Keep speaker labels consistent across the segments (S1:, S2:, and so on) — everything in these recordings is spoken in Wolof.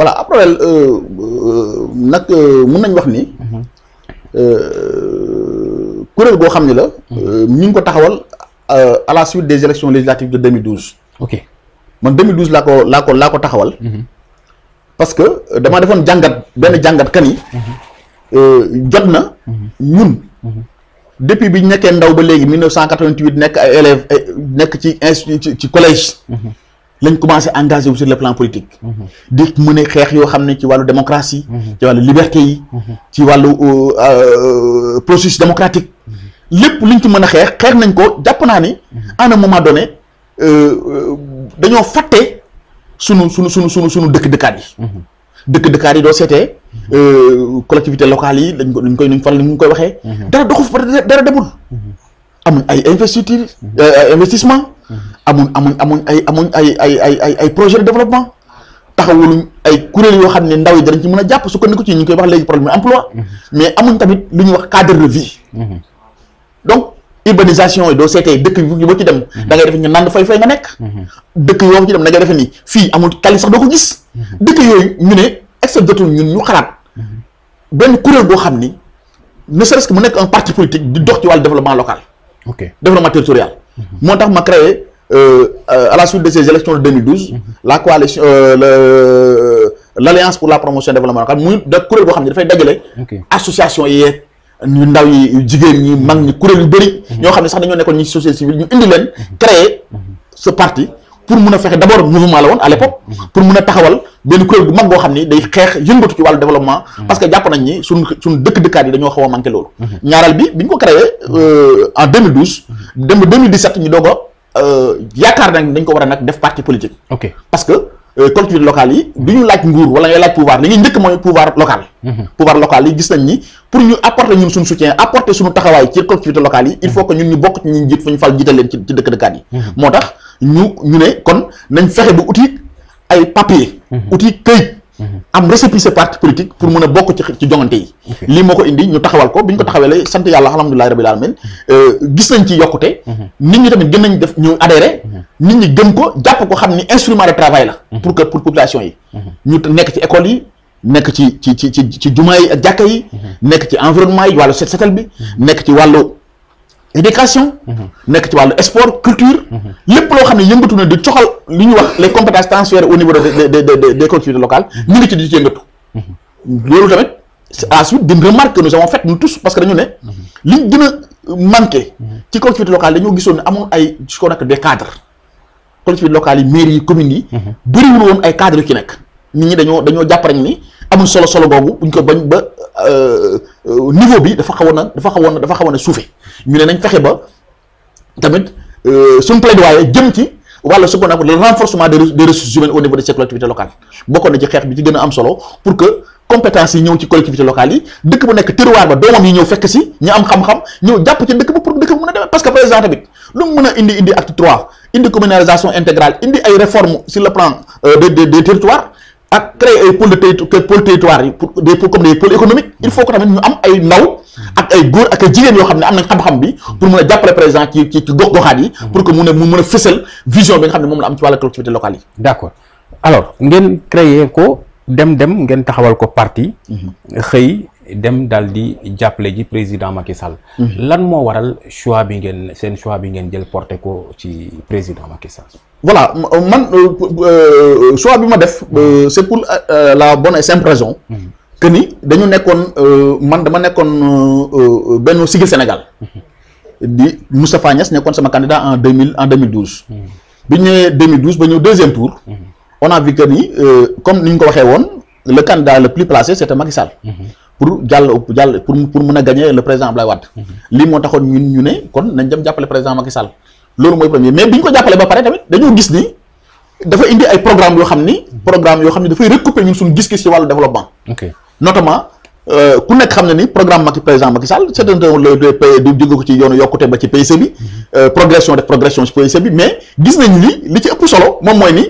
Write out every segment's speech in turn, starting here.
S1: voilà après euh, euh, nag euh, mën nañ wax ni. Mhm. kuréel goo xam ne la. ñu mhm. ngi ko taxawal à la des élections législatives de 2012. ok man 2012 laa ko laa ko laa ko taxawal. Mhm. parce que dama defoon jàngat benn jàngat kan yi. jot na ñun. depuis bi ñu nekkee ndaw ba léegi 1988 nekk ay élèves nekk ci institut ci collège. lañ commencé engagé wu sur le plan politique. di mën a xeex yoo xam ne ci wàllu démocratie. ci wàllu liberté yi. ci wàllu euh, processus démocratique. lépp luñ ci mën a xeex xeex nañ ko jàpp naa ne. à un moment donné euh, euh, dañoo fàtte sunu sunu sunu sunu sunu dëkk dëkkaat yi. dëkk dëkkaat yi doo seetee. collectivité locale yi lañ ko lañ koy nuñ faral ñu koy waxee. dara doxu dara demul. amul ay investiture investissement. amuñ amuñ amuñ ay amuñ ay ay ay ay ay projet de développement taxawuluñ ay kuréel yoo xam ne ndaw yi danañ ci mën a jàpp ko ci ñu ngi koy wax léegi problème emploi mhm. mais amuñ tamit lu ñu wax cadre de vie mhm. donc urbanisation yi doo seetee dëkk yu ba ci dem mhm. da ngay defe ñu nand fay fay nga nekk dëkk yoo ci dem da ngay defe ni fii amul kali doo ko gis dëkk yooyu ñu ne except jotul ñun ñu xalaat benn kuréel boo xam ni ne serait-ce que mu nekk un parti politique di dox ci wàllu développement local développement territorial moo tax ma créé euh, euh, à la suite de ces élections de 2012. Mhm. la coalition euh, le la alliance pour la promotion développement local muy da kuréel boo xam ne dafay dajale. association yi yeeg ñu ndaw yi jigéen ñi mag ñi kuréel yu bëri. Mhm. ñoo xam ne sax dañoo nekkoon ñi société civile ñu indi leen. Mhm. créer ce parti. pour mun a fexe d' abord mouvement la woon à l' époque mhm. pour mun a taxawal benn kuréel bu mag boo xam ni day xeex yëngatu ci wàllu développement mhm. parce que jàpp nañ ni suñ dëkk-dëkkaat yi dañoo xaw a manqué loolu mhm. ñaareel bi bi ñu ko créé euh, en 2012 dem 2017 ñu doog a euh, yaakaar nañ dañ ko war nag def parti politique parce que euh, collectivités locales yi du ñu laaj nguur wala ngay laaj pouvoir li ngay njëkk mooy pouvoir local pouvoir local yi gis pour ñu apporter ñun suñu soutien apporter suñu taxawaay ci collectivités locales yi il faut que ñun ñu bokk ci ñun jiit fa ñu fal jiital leen ci ci dëkkaat yi mm-hmm. moo tax ñu ñu ne kon nañ fexe ba outil ay papier outil mm-hmm. këyit mm-hmm. am récépissé parti politique pour mën a bokk ci ci jongante yi lii moo ko indi ñu taxawal ko bi ñu ko taxawalee sant yàlla alhamdulilahi rabbil alamin euh, gis nañ ci yokkute nit ñi tamit gën nañ def ñu adhéré nit ñi gëm ko jàpp ko xam ni instrument de travail la pour que pour population yi ñu nekk ci école yi nekk ci ci ci ci ci jumaa yi ak jàkka yi. Mhm. nekk ci environnement yi wàllu set setal bi. Mhm. nekk ci wàllu éducation. Mhm. nekk ci wàllu sport culture. lépp loo xam ne yëngatu na di coxal li ñuy wax les compétences transférées au niveau des des des des collectivités locales ñu ngi ci di ci yëngatu. loolu tamit à la suite d'une remarque que nous avons faite nous tous parce que dañu ne. liñ gën a manqué. ci collectivités local dañoo gisoon amoon ay ce qu'on appelle des cadres collectivités locales yi mairie yi communes yi. bëriwul woon ay cadres yu ci nekk. nit ñi dañoo dañoo jàpp rek ni amul solo solo googu buñ ko bañ ba euh, euh, niveau bi dafa xawoon a dafa xawoon a dafa xawoon a ñu ne nañ fexe ba tamit euh, suñ plaidoyer jëm ci wàllu ce ci xeex bi ci gën a am solo pour que compétence yi ñëw ci collectivités locale yi dëkk bu nekk terroir ba doomam yi ñëw fekk si ñu am xam-xam ñëw jàpp ci dëkk ba pour dëkk bu mën a demee parce que président tamit lu mu mën a indi indi acte trois indi communalisation intégrale indi ay réformes sur le plan des des ak créer ay pôle de pôle territoire yi pour des comme des pôles économiques il faut que tamit ñu am ay ndaw ak ay góor ak ay jigéen yoo xam ne am na xam-xam bi pour mën a jàppale président ci ci gox-goxaat yi pour que mu ne mu mën a fësal vision bi nga xam ne moom la am ci wàllu collectivité locale yi d'accord alors ngeen créer ko dem dem ngeen taxawal ko parti mhm. xëy dem daal di jàppale ji président Macky Sall. Mhm. lan moo waral choix bi ngeen seen choix bi ngeen jël porté ko ci président Macky Sall. voilà euh, man euh, euh, choix bi ma def mhm. c'est pour la bonne et simple raison. Mhm. que ni dañu nekkoon man dama nekkoon benn sigil Sénégal. di Moustapha Niass nekkoon sama candidat en deux mille en deux mille douze. bi ñu ñëwee deux mille douze ba ñëw deuxième tour. on a vu comme ni ñu ko waxee woon le candidat le plus placé c'était Macky Sall. pour jàll jàll pour pour mën a gagner le président Abdoulaye Wade. Mhm. lii moo taxoon ñun ñu ne kon nañ dem jàppale président Macky Sall. loolu mooy premier mais bi ñu ko jàppale ba pare tamit dañoo gis ni dafa indi ay programme yoo xam ni mhm. programme yoo xam ni dafay recouper ñun suñu gis-gis ci wàllu développement. Euh, ko ci yoonu yokkute ba ci PIC bi. Mhm. Euh, progression def progression ci PIC bi mais gis nañ ni li ci ëpp solo moom mooy ni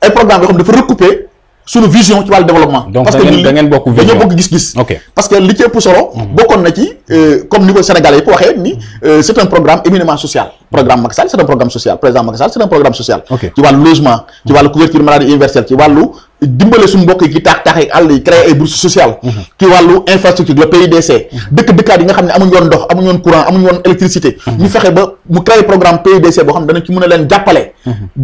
S1: ay programme yoo xam dafa recouper. suñu vision ci wàllu développement. parce que ñun dañoo bokk gis-gis. parce que li ci ëpp solo. Hmm. bokkoon na ci euh, comme ni ko Sénégalais yëpp waxee ni hmm. euh, c' est un social. programme Macky Sall c' est social président Macky Sall c' est un social. ci wàllu logement. ci hmm. wàllu couverture maladie universelle ci wàllu. dimbale suñu mbokk yi ci taax taax yi àll yi créer ay bourse sociale mhm. ci wàllu infrastructure le PIDC mhm. dëkk dëkkaat yi nga xam ne amuñu woon ndox amuñu woon courant amuñu woon électricité mhm. ñu fexe ba mu créer programme PIDC boo xam ne leen jàppale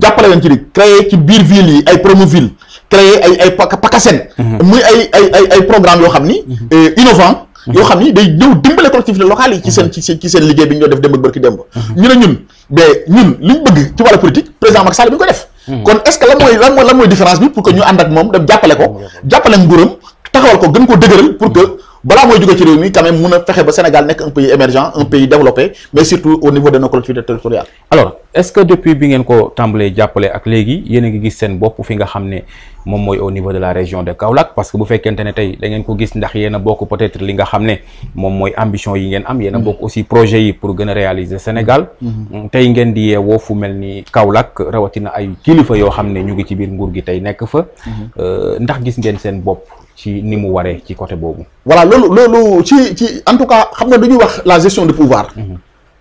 S1: jàppale leen ci di créer ci biir ville yi ay Promoville créer ay ay e muy ay ay programme yoo xam ni euh, innovant yoo xam ni day ñëw dimbale collectivités locales yi ci seen liggéey bi ñu def démb ak barki démb ñu ne ñun mais ñun liñ bëgg ci wàllu politique président Macky Sall bi ñu ko def Hmm. kon est-ce que lan mooy lan mooy différence bi pour que ñu ànd ak moom dem jàppale ko hmm. jàppale nguuram taxawal ko gën ko dëgëral pour que hmm. balaa mooy jóge ci réew mi quand même mun a fexe ba Sénégal nekk un pays émergent un pays développé mais surtout au niveau de nos collectivités territoriales alors est-ce que depuis bi ngeen ko tàmbalee jàppale ak léegi yéen a ngi gis seen bopp fi nga xam ne moom mooy au niveau de la région de Kaolack parce que bu fekkente ne tey da ngeen ko gis ndax yéen a bokk peut-être li nga xam ne moom mooy ambition yi ngeen am yéen a mm-hmm. bokk aussi projet yi pour gën a réaliser Sénégal mm-hmm. mm, tey ngeen di yeewoo fu mel ni Kaolack rawatina ay kilifa yoo xam ne ñu ngi ci biir nguur gi tey nekk fa mm-hmm. euh, ndax gis ngeen seen bopp ci ni mu waree ci côté boobu voilà loolu loolu ci ci en tout cas xam nga dañuy wax la gestion de pouvoir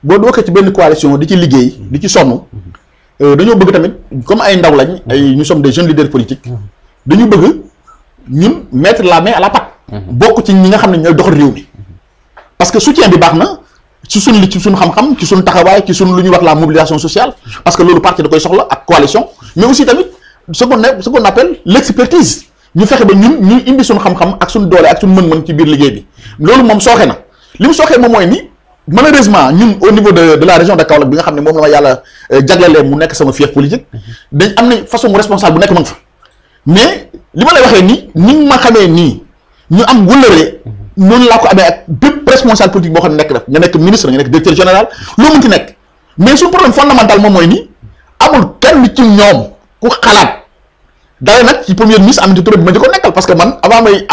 S1: boo bokkee ci benn coalition di ci liggéey di ci sonn euh, dañoo bëgg tamit comme ay ndaw lañ ay ñu sommes des jeunes dañu bëgg ñun mettre la main à la pâte. Mhm. bokk ci ñi nga xam ne ñooy doxal réew mi. Mhm. parce que soutien bi baax na ci suñ li ci suñ xam-xam ci suñ taxawaay ci suñ lu ñu wax la mobilisation sociale parce que loolu parti da koy soxla ak coalition mais aussi tamit ce qu'on ce qu'on appelle l'expertise ñu fexe ba ñun ñuy indi suñ xam-xam ak suñ doole ak suñ mën-mën ci biir liggéey bi loolu moom sooxe na li mu sooxee moom mooy ni malheureusement ñun au niveau de de la région bi nga xam ne moom la ma yàlla euh, jaglelee nekk sama fief politique mhm. dañ am nañ bu nekk ma nga mais li ma lay waxee nii ni ma xamee nii ñu am wëllëree noonu laa ko amee ak bépp responsable politique boo xam ne nekk def nga nekk ministre nga nekk directeur général loo mënti nekk mais suñu problème fondamental moom mooy nii amul kenn ci ñoom ku xalaat dara nag ci premier ministre Aminata Touré bi ma jëkkoon nekkal parce que man avant may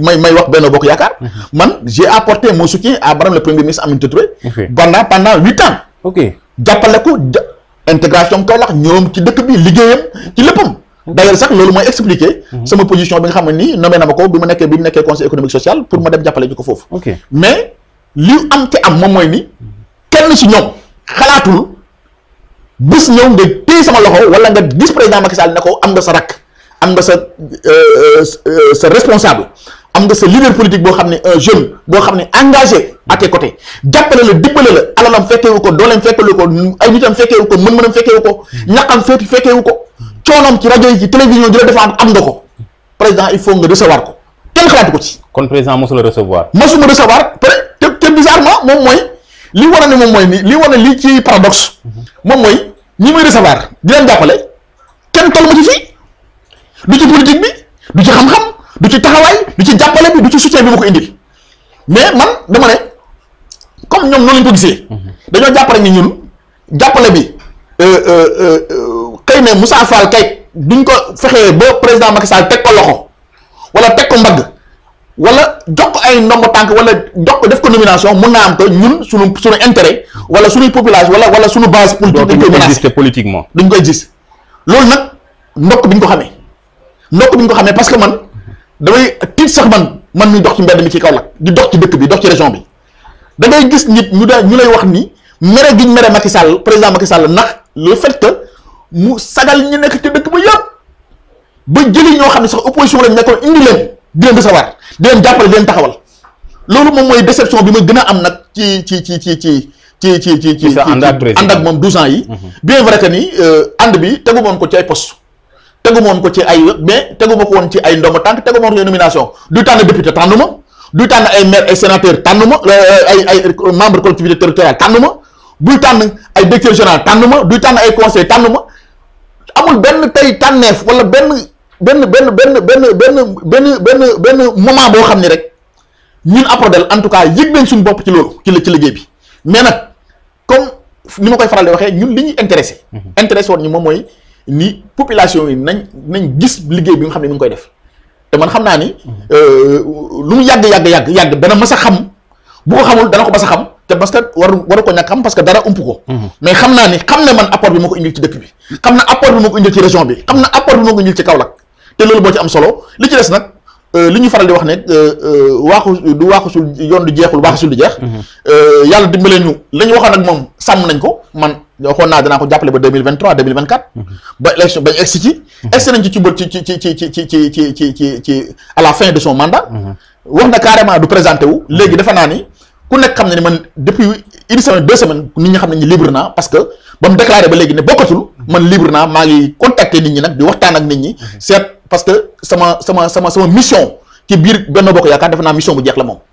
S1: may may may wax Benno Bokk Yaakaar mhm. man j'ai apporté mon soutien à madame le premier ministre Aminata Touré pendant pendant huit ans ok jàppale ko ci dëkk bi liggéeyam ci léppam d'ailleurs sax loolu mooy expliquer mhm. sama position bi nga xam ne nii nommé na ma ko bi mu nekkee bi mu nekkee conseil économique social pour ma dem jàppale ñu ko foofu mais li am te am ma mooy ni kenn si ñoom xalaatul bés ñoom nga téye sama loxo walla nga gis président Macky Sall ko am nga sa rakk am nga sa euh, euh, sa responsable am nga sa leader politique boo xam ne un jeune boo xam ne engagé à tes côtés jàppale la dippale la alalam fekkeewu ko dooleem fekkeewu ko ay nitam fekkeewu ko mën-mënam fekkeewu ko hmm. ñaqam fekkeewu ko coonoom ci rajo yi ci télévision di la défendre am nga ko président il faut nga recevoir ko kenn xalaatu ko ci. kon président mosul a recevoir. mosuma recevoir te te bizarrement moom mooy li war a ne moom mooy ni li war a lii ci paradoxe moom mooy ñi muy recevoir di jàppale kenn tollu ma ci fii du ci politique bi du ci xam-xam du ci taxawaay du ci jàppale bi du ci soutien bi ma ko indil mais man dama ne comme ñoom noonu lañ ko gisee. Mhm. dañoo jàppale ni ñun jàppale bi. Euh, euh, euh, tey ne Moussa Fall kay duñ ko fexee ba président teg ko loxo wala teg ko mbagg wala jox ay ndombo tànk wala jox def ko nomination naa am que ñun suñu suñu intérêt wala suñuy population wala wala suñu base politique dañ koy menacé politiquement duñ koy gis loolu nag ndokk bi ñu ko xamee ndokk bi ñu ko xamee parce que man damay tiit sax man man ñu dox ci mbedd mi ci Kaolack di dox ci dëkk bi dox ci région bi da ngay gis nit ñu da ñu lay wax ni mere gi mere Macky Sall président Macky Sall ndax le fait mu sagal ñu nekk ci dëkk ba yëpp ba jëli ñoo xam ne sax opposition lañ nekkoon indi leen di leen recevoir di jàppale di leen taxawal loolu moom mooy déception bi ma gën a am nag ci ci ci ci ci ci ci ci ci ànd ak moom 12 ans yi mhm. bien vrai que ni euh, ànd bi tegu moon ko ci ay poste tegu moon ko ci ay mais tegu ma ko woon ci ay ndomba tànk tegu moon ko ci nomination du tànn député tànn ma du tànn ay maire ay sénateur tànn ma euh, euh, ay ay membre collectivité territoriale tànn ma buy tànn ay directeur général tànn ma duy tànn ay conseil tànn ma amul benn tey tànneef wala benn benn benn benn benn benn benn benn benn moment boo xam ni rek ñun Aprodel en tout cas yëg nañ suñu bopp ci loolu ci ci liggéey bi mais nag comme ni ma koy faral di waxee ñun li ñuy intéressé mhm. intéressé woon ñu moom mooy ni population yi nañ nañ gis liggéey bi nga xam ne mi ngi koy def te man xam naa ni mhm. euh, lu mu yàgg yàgg yàgg yàgg dana mas a xam bu ko xamul dana ko ba a xam te parce que waru waru ko ñàkk xam parce que dara ump ko. mais xam naa ni xam na man apport bi ma ko indil ci dëkk bi. xam na apport bi ma ko indil ci région bi xam na apport bi ma ko indil ci Kaolack te loolu boo ci am solo li ci des nag li ñu faral di wax ne waaxu du waaxu sul yoon du jeexul waaxu sul du jeex. yàlla dimbale ñu la ñu waxoon ak moom sàmm nañ ko man waxoon naa danaa ko jàppale ba deux mille vingt trois deux mille vingt quatre. ba élection ba ñu egsi ci. egsi nañ ci ci ci ci ci ci ci ci ci ci à la fin de son mandat. wax na carrément du présenté wu léegi dafa naa ni. ku nekk xam na ni man depuis une semaine deux semaines nit ñi xam nañu libre naa parce que ba mu déclaré ba léegi ne bokkatul man libre naa maa ngi contacter nit ñi nag di waxtaan ak nit ñi mhm. seet parce que sama sama sama sama mission ci biir Benno Bokk Yaakaar defe naa mission bu jeex la moom